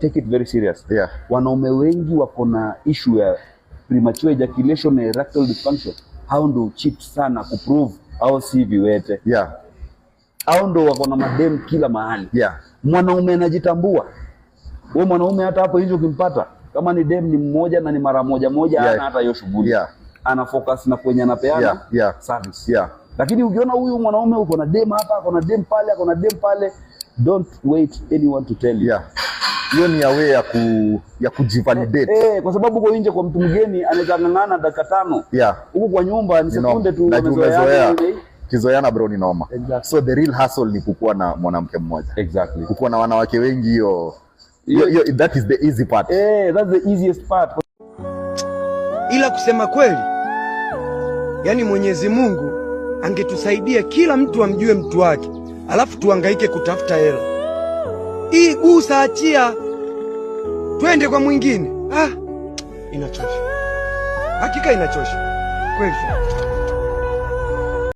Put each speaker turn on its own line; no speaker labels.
take it very serious yeah. Wanaume wengi wako na issue ya premature ejaculation na erectile dysfunction, hao ndo cheat sana ku prove au si viwete yeah. Hao ndo wako na madem kila mahali yeah. Mwanaume anajitambua wewe, mwanaume hata hapo hizo ukimpata kama ni dem ni mmoja na ni mara moja moja yeah. Ana hata hiyo shughuli yeah. Ana focus na kwenye anapeana yeah. Yeah. service yeah. Lakini ukiona huyu mwanaume uko na dem hapa, uko na dem pale, uko na dem pale, don't wait anyone to tell you yeah hiyo ni yawe ya, ku, ya kujivalidate eh, eh, kwa sababu uko nje kwa mtu mgeni anaweza ng'ang'ana dakika tano yeah. Huko kwa nyumba ni sekunde tu
umezoea kizoeana bro, ni noma exactly. So the real hustle ni kukuwa na mwanamke mmoja exactly. Kukuwa na wanawake wengi hiyo hiyo, that is the easy part
eh, that's the easiest part. Ila kusema kweli, yani Mwenyezi Mungu angetusaidia kila mtu amjue mtu wake, alafu tuangaike kutafuta hela hii gusa, achia twende kwa mwingine. Ah, inachosha hakika, inachosha kweli.